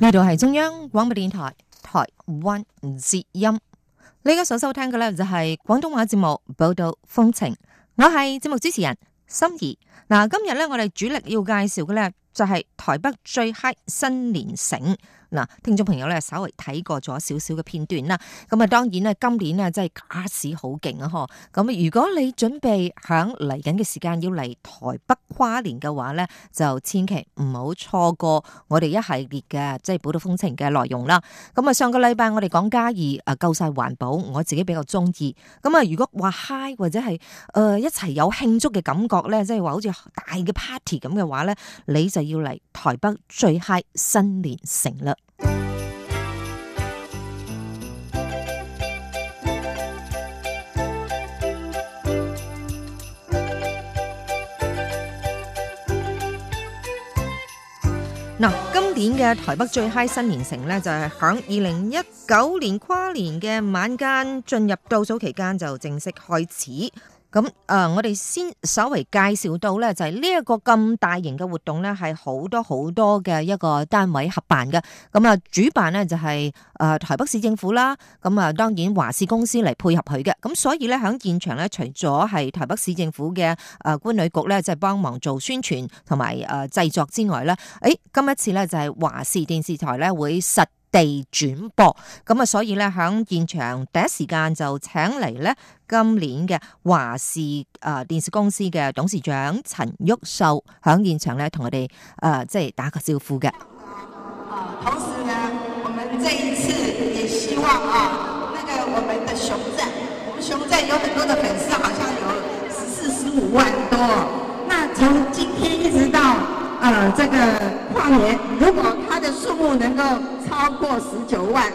呢度係中央廣播電台台灣之音，你而家所收聽嘅咧就係廣東話節目報道風情，我係節目主持人心儀。嗱，今日咧我哋主力要介紹嘅咧就係台北最嗨新年城。嗱，聽眾朋友咧，稍微睇過咗少少嘅片段啦。咁啊，當然咧，今年啊，真係卡士好勁啊！呵，咁如果你準備響嚟緊嘅時間要嚟台北跨年嘅話咧，就千祈唔好錯過我哋一系列嘅即係寶島風情嘅內容啦。咁啊，上個禮拜我哋講嘉義，啊夠晒環保，我自己比較中意。咁啊，如果話嗨或者係誒、呃、一齊有慶祝嘅感覺咧，即係話好似大嘅 party 咁嘅話咧，你就要嚟台北最嗨新年城啦！嗱，今年嘅台北最嗨新年城呢，就係響二零一九年跨年嘅晚間進入倒數期間就正式開始。咁誒，我哋先稍微介紹到咧，就係呢一個咁大型嘅活動咧，係好多好多嘅一個單位合辦嘅。咁啊，主辦咧就係誒台北市政府啦。咁啊，當然華視公司嚟配合佢嘅。咁所以咧，響現場咧，除咗係台北市政府嘅誒觀傳局咧，就係幫忙做宣傳同埋誒製作之外咧，誒、哎、今一次咧就係華視電視台咧會實地轉播，咁啊，所以咧喺現場第一時間就請嚟咧今年嘅華視啊電視公司嘅董事長陳郁秀，喺現場咧同我哋誒即係打個招呼嘅。同時呢，我們這一次也希望啊，那個我們的熊仔，我們熊仔有很多的粉絲，好像有四十五萬多，那從今天一直到。啊，呃、這個跨年，如果他的數目能夠超過十九萬，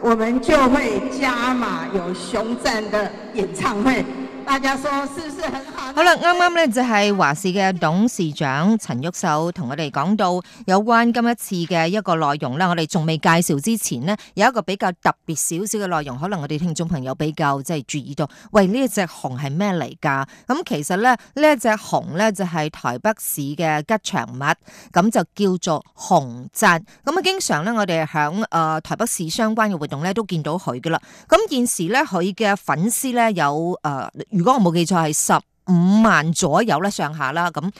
我們就會加碼有熊讚的演唱會。大家說是不是很好？好啦，啱啱呢就係華視嘅董事長陳旭秀同我哋講到有關今一次嘅一個內容呢，我哋仲未介紹之前呢，有一個比較特別少少嘅內容，可能我哋聽眾朋友比較即係注意到。喂，呢一隻熊係咩嚟噶？咁、嗯、其實呢，紅呢一隻熊咧就係、是、台北市嘅吉祥物，咁、嗯、就叫做熊讚。咁、嗯、啊，經常呢，我哋響誒台北市相關嘅活動呢都見到佢噶啦。咁、嗯、現時呢，佢嘅粉絲呢有誒。呃如果我冇記錯，係十五萬左右咧上下啦，咁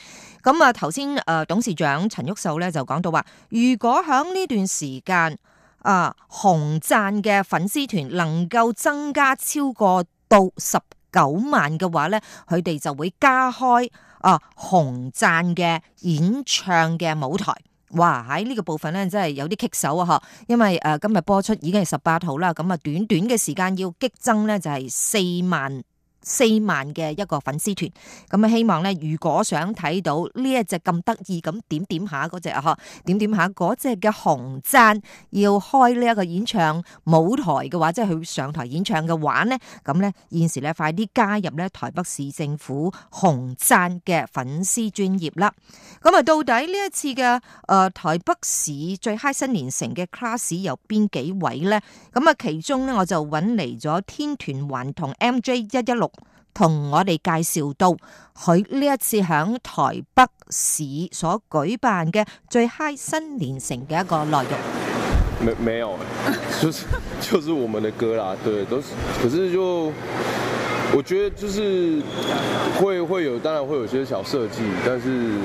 咁啊頭先誒董事長陳旭秀咧就講到話，如果喺呢段時間啊熊讚嘅粉絲團能夠增加超過到十九萬嘅話咧，佢哋就會加開啊熊讚嘅演唱嘅舞台。哇，喺呢個部分咧真係有啲棘手啊！嗬，因為誒今日播出已經係十八號啦，咁啊短短嘅時間要激增咧就係四萬。四萬嘅一個粉絲團，咁啊希望咧，如果想睇到呢一隻咁得意咁點點下隻啊，吓點點下隻嘅熊讚要開呢一個演唱舞台嘅話，即係去上台演唱嘅話咧，咁咧現時咧快啲加入咧台北市政府熊讚嘅粉絲專業啦。咁啊，到底呢一次嘅誒、呃、台北市最嗨新年城嘅 class 有邊幾位咧？咁啊，其中咧我就揾嚟咗天團頑童 MJ 一一六。同我哋介紹到佢呢一次喺台北市所舉辦嘅最 High 新年城嘅一個內容。沒有，就是就是我們的歌啦，對，都是，可是就我覺得就是會會有，當然會有些小設計，但是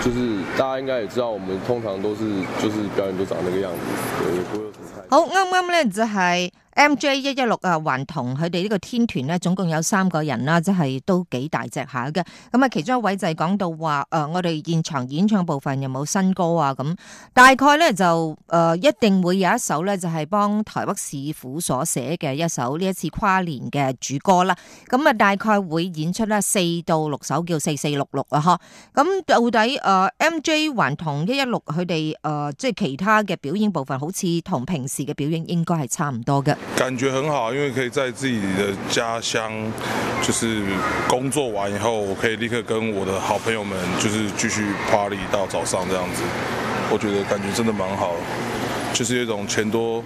就是大家應該也知道，我們通常都是就是表演都長那個樣子。好，啱啱咧就係。M J 一一六啊，頑童佢哋呢個天團呢，總共有三個人啦，即係都幾大隻下嘅。咁啊，其中一位就係講到話，誒、呃，我哋現場演唱部分有冇新歌啊？咁大概呢，就、呃、誒，一定會有一首呢，就係幫台北市府所寫嘅一首呢一次跨年嘅主歌啦。咁啊，大概會演出呢，四到六首叫四四六六啊，嗬。咁到底誒、呃、M J 頑童一一六佢哋誒，即、呃、係其他嘅表演部分，好似同平時嘅表演應該係差唔多嘅。感覺很好，因為可以在自己的家鄉，就是工作完以後，我可以立刻跟我的好朋友們，就是繼續 party 到早上，這樣子，我覺得感覺真的蠻好，就是有一種錢多，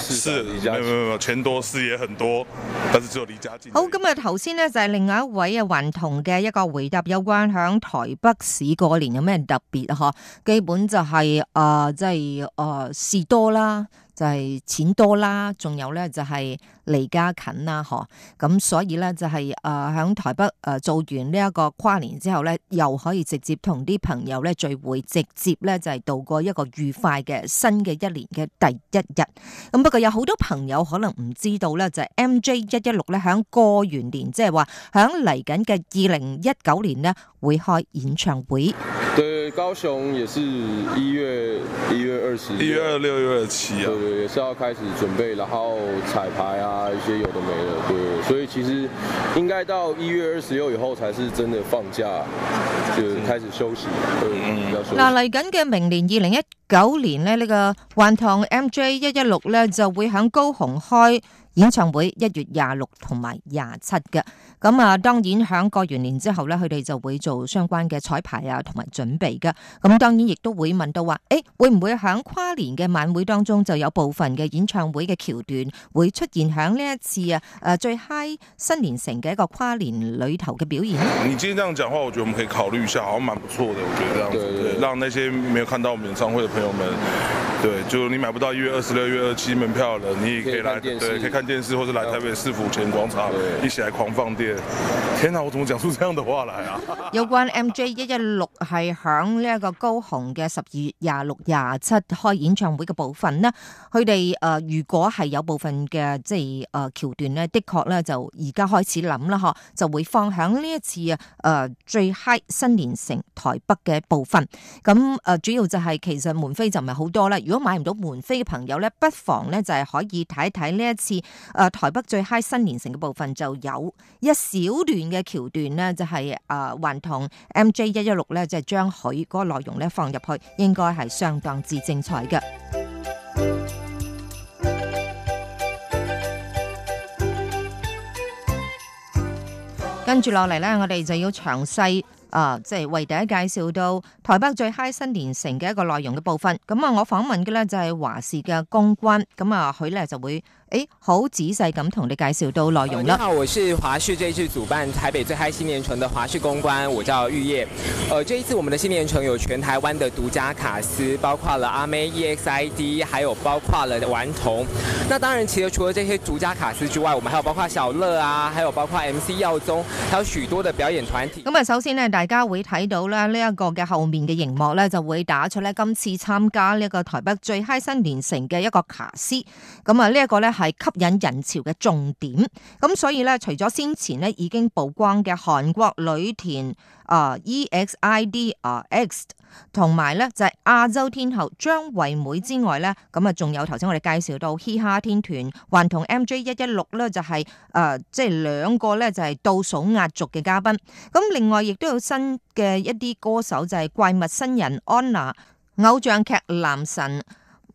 事少離家近，沒有沒有錢多，事也很多，但是只有離家近。好，今日頭先呢，就係另外一位啊頑童嘅一個回答，有關響台北市跨年有咩特別啊？基本就係、是、啊，即係啊，事、就是呃、多啦。就係錢多啦，仲有咧就係離家近啦，嗬。咁所以咧就係誒喺台北誒做完呢一個跨年之後咧，又可以直接同啲朋友咧聚會，直接咧就係度過一個愉快嘅新嘅一年嘅第一日。咁不過有好多朋友可能唔知道咧，就係 MJ 一一六咧喺過完年，即係話喺嚟緊嘅二零一九年呢會開演唱會。對，高雄也是一月一月二十，一月二六、一月二七啊，對也是要開始準備，然後彩排啊，一些有的冇的。對對所以其實應該到一月二十六以後才是真的放假，就開始休息。嗯嗯。那嚟緊嘅明年二零一九年呢，呢、這個頑童 MJ 一一六呢，就會響高雄開。演唱會一月廿六同埋廿七嘅，咁啊，當然響過完年之後呢，佢哋就會做相關嘅彩排啊，同埋準備嘅。咁當然亦都會問到話，誒、欸，會唔會響跨年嘅晚會當中就有部分嘅演唱會嘅橋段會出現響呢一次啊？誒，最 High 新年城嘅一個跨年裏頭嘅表演。你今天這樣講話，我覺得我們可以考慮一下，好，蠻不錯的。我覺得這樣子，讓那些沒有看到我們演唱會嘅朋友們。對，就你買不到一月二十六、一月二十七門票啦，你也可以來對，可以看電視或者來台北市府前廣場，一起來狂放電。天啊，我怎麼講出這樣的話來啊？有關 MJ116 係響呢一個高雄嘅十二月廿六、廿七開演唱會嘅部分呢？佢哋誒，如果係有部分嘅即係誒橋段呢，的確呢就而家開始諗啦嗬，就會放響呢一次啊誒最 High 新年城台北嘅部分。咁誒主要就係其實門飛就唔係好多啦。如果買唔到門飛嘅朋友咧，不妨咧就係、是、可以睇一睇呢一次誒、呃、台北最嗨新年城嘅部分，就有一小段嘅橋段呢，就係誒頑同 MJ116 咧，就係將佢嗰個內容咧放入去，應該係相當之精彩嘅。跟住落嚟，咧，我哋就要詳細。啊，即係為大家介紹到台北最 High 新年城嘅一個內容嘅部分。咁啊，我訪問嘅呢就係、是、華視嘅公關，咁啊佢呢就會。誒，好仔細咁同你介紹到內容啦。啊、好，我是華視這一次主辦台北最嗨新年城的華視公關，我叫玉葉。誒、呃，這一次我們的新年城有全台灣的獨家卡司，包括了阿妹、EXID，還有包括了頑童。那當然，其實除了這些獨家卡司之外，我們還有包括小樂啊，還有包括 MC 耀宗，還有許多的表演團體。咁啊、嗯，首先呢，大家會睇到呢，呢、這、一個嘅後面嘅熒幕呢，就會打出呢今次參加呢個台北最嗨新年城嘅一個卡司。咁啊，呢一個呢。係吸引人潮嘅重點，咁所以咧，除咗先前咧已經曝光嘅韓國女團啊 EXID 啊 X，同埋咧就係、是、亞洲天后張惠妹之外咧，咁啊仲有頭先我哋介紹到嘻哈天團，頑童 MJ 116咧就係誒即係兩個咧就係、是、倒數壓軸嘅嘉賓，咁另外亦都有新嘅一啲歌手就係、是、怪物新人安那、偶像劇男神。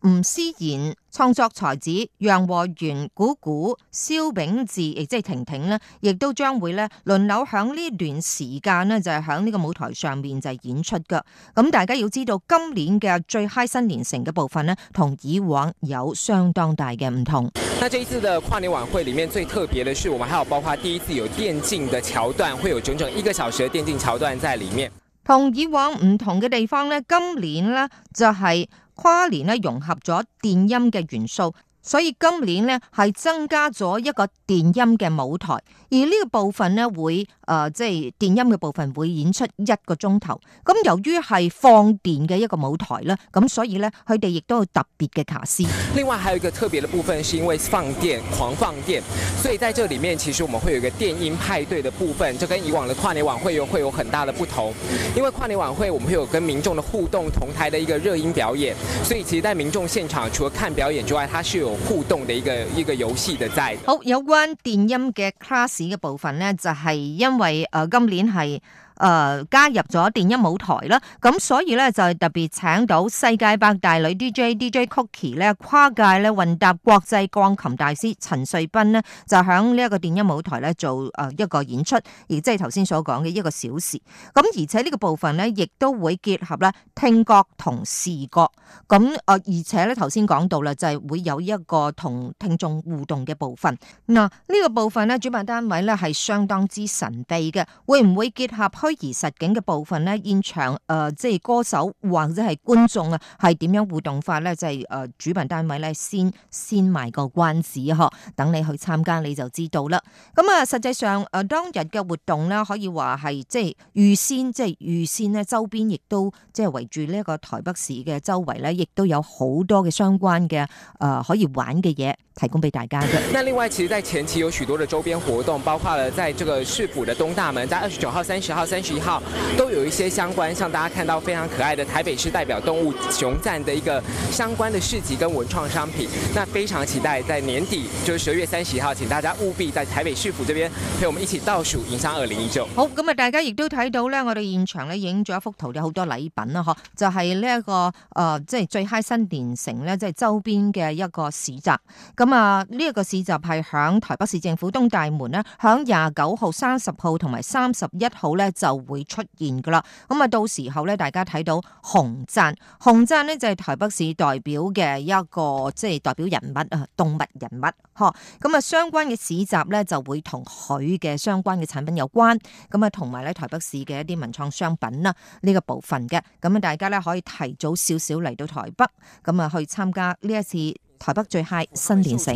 吳思賢、創作才子謝和弦、鼓鼓、蕭秉治，亦即係廷廷呢亦都將會咧輪流響呢段時間呢，就係響呢個舞台上面就係演出嘅。咁、嗯、大家要知道，今年嘅最嗨新年城嘅部分呢，同以往有相當大嘅唔同。那這一次嘅跨年晚會裏面最特別嘅，是我們還有包括第一次有電競嘅橋段，會有整整一個小時嘅電競橋段在裏面。同以往唔同嘅地方呢，今年呢，就係、是。跨年咧融合咗電音嘅元素，所以今年咧，係增加咗一個電音嘅舞台，而呢個部分咧會。誒、呃，即係電音嘅部分會演出一個鐘頭，咁、嗯、由於係放電嘅一個舞台啦，咁、嗯、所以咧佢哋亦都有特別嘅卡司。另外，還有一個特別嘅部分，是因為放電狂放電。所以在這裏面，其實我們會有一個電音派對嘅部分。就跟以往嘅跨年晚會又會有很大的不同，因為跨年晚會，我們會有跟民眾嘅互動同台的一個熱音表演。所以其實在民眾現場，除了看表演之外，它是有互動嘅一個一個遊戲嘅在的。好，有關電音嘅 class 嘅部分咧，就係、是。因。因為誒，呃，今年係。誒、呃，加入咗電音舞台啦，咁所以咧就係特別請到世界百大女 DJ DJ Cookie 咧，跨界咧混搭國際鋼琴大師陳瑞斌咧，就響呢一個電音舞台咧做誒一個演出，亦即係頭先所講嘅一個小時。咁、嗯、而且呢個部分咧，亦都會結合咧聽覺同視覺。咁、嗯、誒，而且咧頭先講到啦，就係、是、會有一個同聽眾互動嘅部分。嗱、嗯、呢、這個部分咧，主辦單位咧係相當之神秘嘅，會唔會結合？虛擬實景嘅部分呢，現場誒，即係歌手或者係觀眾啊，係點樣互動法呢？就係、是、誒、呃、主辦單位呢先先埋個關子呵，等你去參加你就知道啦。咁、嗯、啊，實際上誒、呃、當日嘅活動咧，可以話係即係預先即係預先呢，周邊亦都即係圍住呢一個台北市嘅周圍呢，亦都有好多嘅相關嘅誒、呃、可以玩嘅嘢提供俾大家嘅。那另外其實在前期有許多嘅周邊活動，包括呢在這個市府嘅東大門，在二十九號、三十號。三十一號都有一些相關，像大家看到非常可愛的台北市代表動物熊讚的一個相關的市集跟文創商品，那非常期待在年底，就是十二月三十一號，請大家務必在台北市府這邊陪我們一起倒數迎上二零一九。好，咁啊，大家亦都睇到呢，我哋現場呢，影咗一幅圖，有好多禮品啊。嗬，就係呢一個誒，即係最嗨新年城呢，即係周邊嘅一個市集。咁啊，呢一個市集係響台北市政府東大門呢，響廿九號、三十號同埋三十一號呢。就會出現噶啦，咁啊到時候咧，大家睇到熊讚，熊讚呢，就係、是、台北市代表嘅一個即係、就是、代表人物啊，動物人物，嗬，咁啊相關嘅市集咧就會同佢嘅相關嘅產品有關，咁啊同埋咧台北市嘅一啲文創商品啦呢、這個部分嘅，咁啊大家咧可以提早少少嚟到台北，咁啊去參加呢一次。台北最 High 新年城，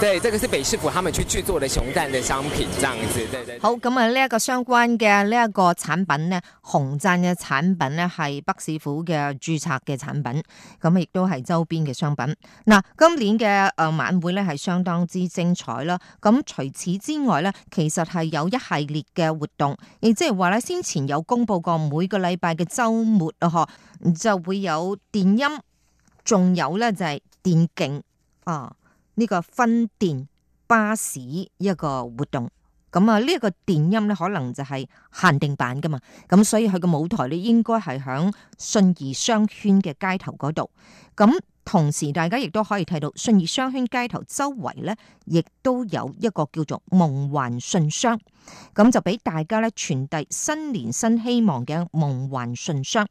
對，這個是北市府他們去製作的熊讚的商品，這樣子，對對對，好，咁啊，呢一個相關嘅呢一個產品呢，熊讚嘅產品呢係北市府嘅註冊嘅產品，咁亦都係周邊嘅商品。嗱，今年嘅誒晚會呢係相當之精彩啦。咁除此之外呢，其實係有一系列嘅活動，亦即係話呢，先前有公布過每個禮拜嘅周末啊，嗬，就會有電音。仲有咧就係電競啊，呢、呢個分電巴士一個活動咁啊，呢一個電音咧可能就係限定版噶嘛，咁所以佢個舞台咧應該係響信義商圈嘅街頭嗰度咁。同時，大家亦都可以睇到信義商圈街頭周圍咧，亦都有一個叫做「夢幻信箱」。咁就俾大家咧傳遞新年新希望嘅「夢幻信箱」。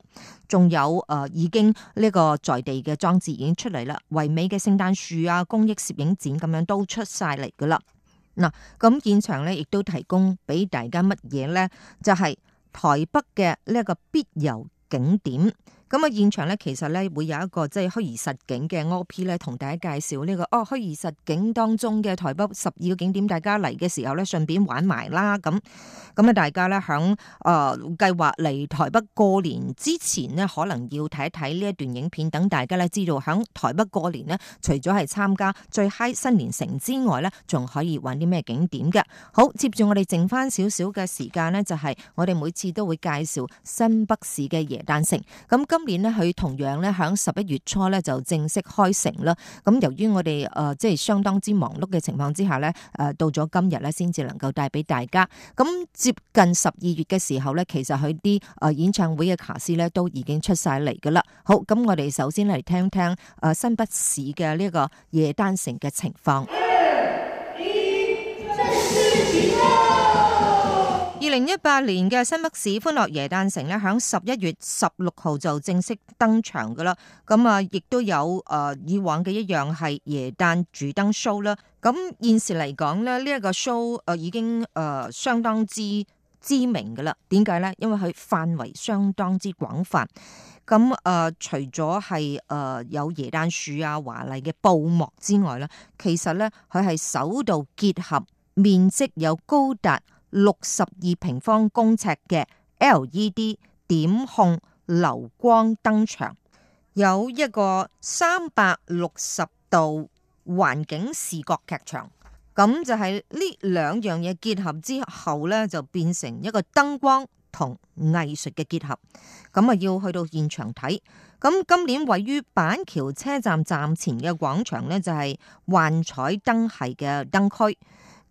仲有誒，已經呢個在地嘅裝置已經出嚟啦，唯美嘅聖誕樹啊，公益攝影展咁樣都出晒嚟噶啦。嗱，咁現場咧亦都提供俾大家乜嘢咧？就係台北嘅呢一個必遊景點。咁啊，現場咧其實咧會有一個即係虛擬實景嘅 OP 咧，同大家介紹呢、這個哦虛擬實景當中嘅台北十二個景點，大家嚟嘅時候咧順便玩埋啦。咁咁啊，大家咧響誒計劃嚟台北過年之前咧，可能要睇一睇呢一段影片，等大家咧知道響台北過年咧，除咗係參加最嗨新年城之外咧，仲可以玩啲咩景點嘅。好，接住我哋剩翻少少嘅時間咧，就係我哋每次都會介紹新北市嘅耶誕城。咁今今年咧，佢同樣咧喺十一月初咧就正式開城啦。咁由於我哋誒即係相當之忙碌嘅情況之下咧，誒到咗今日咧先至能夠帶俾大家。咁接近十二月嘅時候咧，其實佢啲誒演唱會嘅卡司咧都已經出晒嚟㗎喇。好，咁我哋首先嚟聽聽誒新北市嘅呢個耶誕城嘅情況。二二二零一八年嘅新北市歡樂耶誕城咧，喺十一月十六號就正式登場㗎喇。咁、嗯、啊，亦都有誒、呃、以往嘅一樣係耶誕主燈 show 啦。咁、嗯、現時嚟講咧，呢、這、一個 show 誒已經誒、呃、相當之知名㗎喇。點解咧？因為佢範圍相當之廣泛。咁、嗯、誒、呃，除咗係誒有耶誕樹啊、華麗嘅布幕之外咧，其實咧佢係首度結合面積有高達六十二平方公尺嘅 LED 點控流光燈場，有一個三百六十度環境視覺劇場，咁就係呢兩樣嘢結合之後咧，就變成一個燈光同藝術嘅結合，咁啊要去到現場睇。咁今年位於板橋車站站前嘅廣場咧，就係、是、幻彩燈系嘅燈區。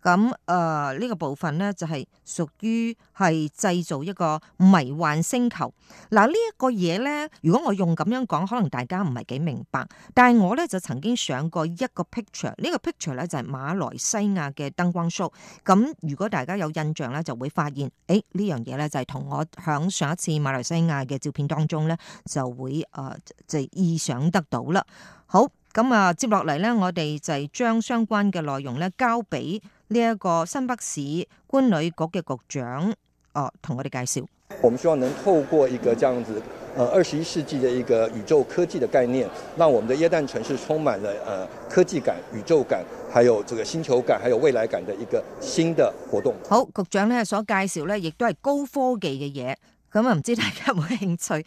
咁誒呢個部分咧就係屬於係製造一個迷幻星球。嗱、呃這個、呢一個嘢咧，如果我用咁樣講，可能大家唔係幾明白。但係我咧就曾經上過一個 picture，呢個 picture 咧就係、是、馬來西亞嘅燈光 show。咁、呃、如果大家有印象咧，就會發現誒呢樣嘢咧就係、是、同我響上一次馬來西亞嘅照片當中咧就會誒、呃、就意想得到啦。好，咁、呃、啊接落嚟咧，我哋就係將相關嘅內容咧交俾。呢一個新北市觀旅局嘅局長，哦，同我哋介紹。我們希望能透過一個這樣子，誒、呃，二十一世紀嘅一個宇宙科技嘅概念，讓我們的耶誕城市充滿了誒、呃、科技感、宇宙感，還有這個星球感，還有未來感嘅一個新的活動。好，局長呢所介紹呢，亦都係高科技嘅嘢，咁啊唔知大家有冇興趣？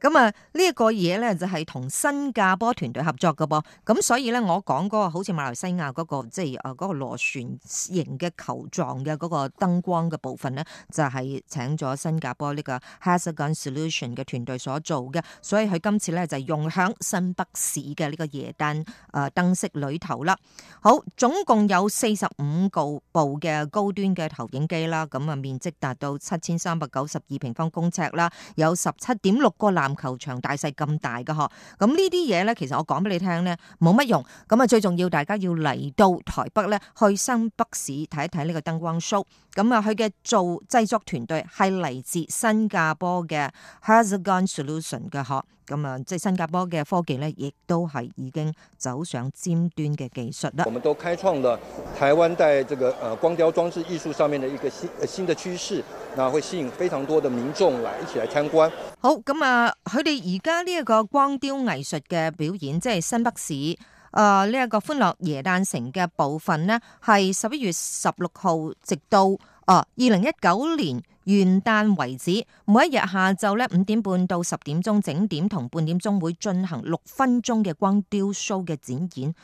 咁啊，呢一個嘢咧就係同新加坡團隊合作嘅噃，咁所以咧我講、嗰個好似馬來西亞、嗰個即係誒個螺旋形嘅球狀嘅個燈光嘅部分咧，就係請咗新加坡呢個 Hasagan Solution 嘅團隊所做嘅，所以佢今次咧就係用響新北市嘅呢個夜燈啊燈飾裡頭啦。好，總共有四十五個部嘅高端嘅投影機啦，咁啊面積達到七千三百九十二平方公尺啦，有十七點六個籃。籃球場大細咁大㗎嗬，咁呢啲嘢咧，其實我講俾你聽咧冇乜用，咁啊最重要，大家要嚟到台北咧去新北市睇一睇呢個燈光 show，咁啊佢嘅做製作團隊係嚟自新加坡嘅 Hazardon Solution 嘅嗬，咁啊即係新加坡嘅科技咧，亦都係已經走上尖端嘅技術啦。我們都開創咗台灣在這個呃光雕裝置藝術上面嘅一個新新嘅趨勢。那會吸引非常多的民眾來一起來參觀。好，咁啊，佢哋而家呢一個光雕藝術嘅表演，即係新北市誒呢一個歡樂耶誕城嘅部分呢，係十一月十六號直到誒二零一九年。元旦為止，每一日下晝咧五點半到十點鐘整點同半點鐘會進行六分鐘嘅光雕 show 嘅展演。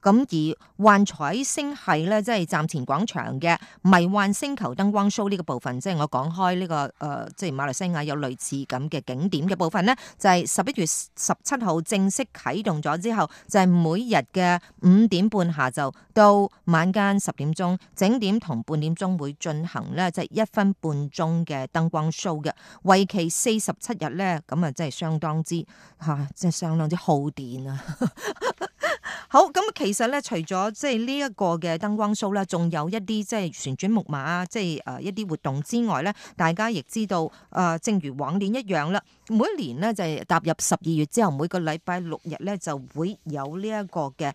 咁而幻彩星系咧，即係站前廣場嘅迷幻星球燈光 show 呢個部分，即係我講開呢個誒，即係馬來西亞有類似咁嘅景點嘅部分咧，就係十一月十七號正式啟動咗之後，就係每日嘅五點半下晝到晚間十點鐘整點同半點鐘會進行咧，即係一分半鐘。嘅燈光 show 嘅，為期四十七日咧，咁啊真係相當之吓，即、啊、係相當之耗電啊！ 好咁，其實咧除咗即係呢一個嘅燈光 show 啦，仲有一啲即係旋轉木馬啊，即係誒一啲活動之外咧，大家亦知道誒、呃，正如往年一樣啦，每一年咧就係、是、踏入十二月之後，每個禮拜六日咧就會有呢一個嘅。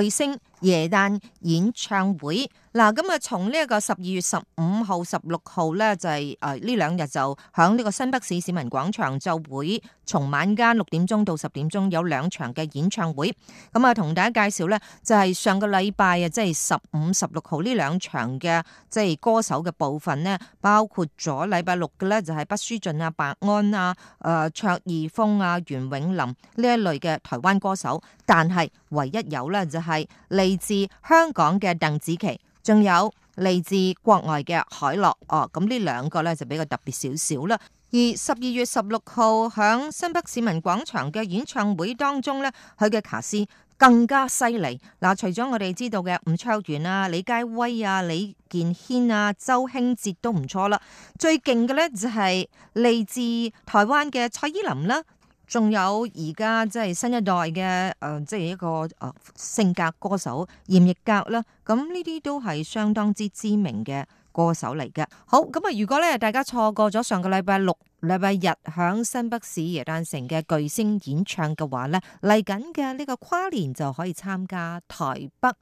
巨星耶誕演唱會嗱，咁啊從呢一個十二月十五號、十六號咧，就係誒呢兩日就響呢個新北市市民廣場就會，從晚間六點鐘到十點鐘有兩場嘅演唱會。咁啊，同大家介紹咧，就係、是、上個禮拜啊，即係十五、十六號呢兩場嘅即係歌手嘅部分咧，包括咗禮拜六嘅咧就係畢書俊啊、白安啊、誒卓義峰啊、袁詠琳呢一類嘅台灣歌手，但係唯一有咧就是。係嚟自香港嘅鄧紫棋，仲有嚟自國外嘅海洛哦。咁呢兩個咧就比較特別少少啦。而十二月十六號響新北市民廣場嘅演唱會當中咧，佢嘅卡司更加犀利。嗱，除咗我哋知道嘅吳卓源啊、李佳薇啊、李健軒啊、周興哲都唔錯啦，最勁嘅咧就係嚟自台灣嘅蔡依林啦。仲有而家即係新一代嘅，誒、呃，即、就、係、是、一個誒、呃、性格歌手閻奕格啦。咁呢啲都係相當之知名嘅歌手嚟嘅。好，咁啊，如果咧大家錯過咗上個禮拜六禮拜日響新北市耶誕城嘅巨星演唱嘅話咧，嚟緊嘅呢個跨年就可以參加台北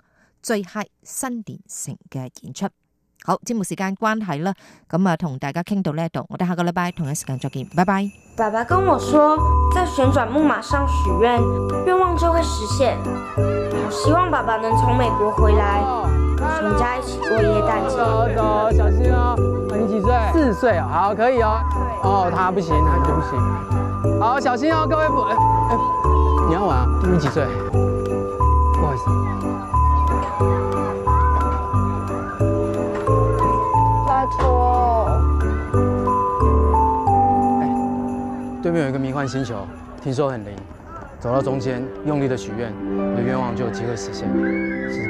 最嗨新年城嘅演出。好，節目時間關係啦，咁啊同大家傾到呢一度，我哋下個禮拜同一時間再見，拜拜。爸爸跟我說，在旋轉木馬上許願，願望就會實現。我希望爸爸能從美國回來，全 Hello, hello. 家一起過聖誕節。走走，小心哦。你幾歲？四歲啊？好，可以哦。哦對，他、oh, 不行，他就不行。好，小心哦，各位不。誒、欸欸，你要玩啊？你幾歲？不好意思。對面有一個迷幻星球，聽說很靈，走到中間用力的許願，你的願望就有機會實現。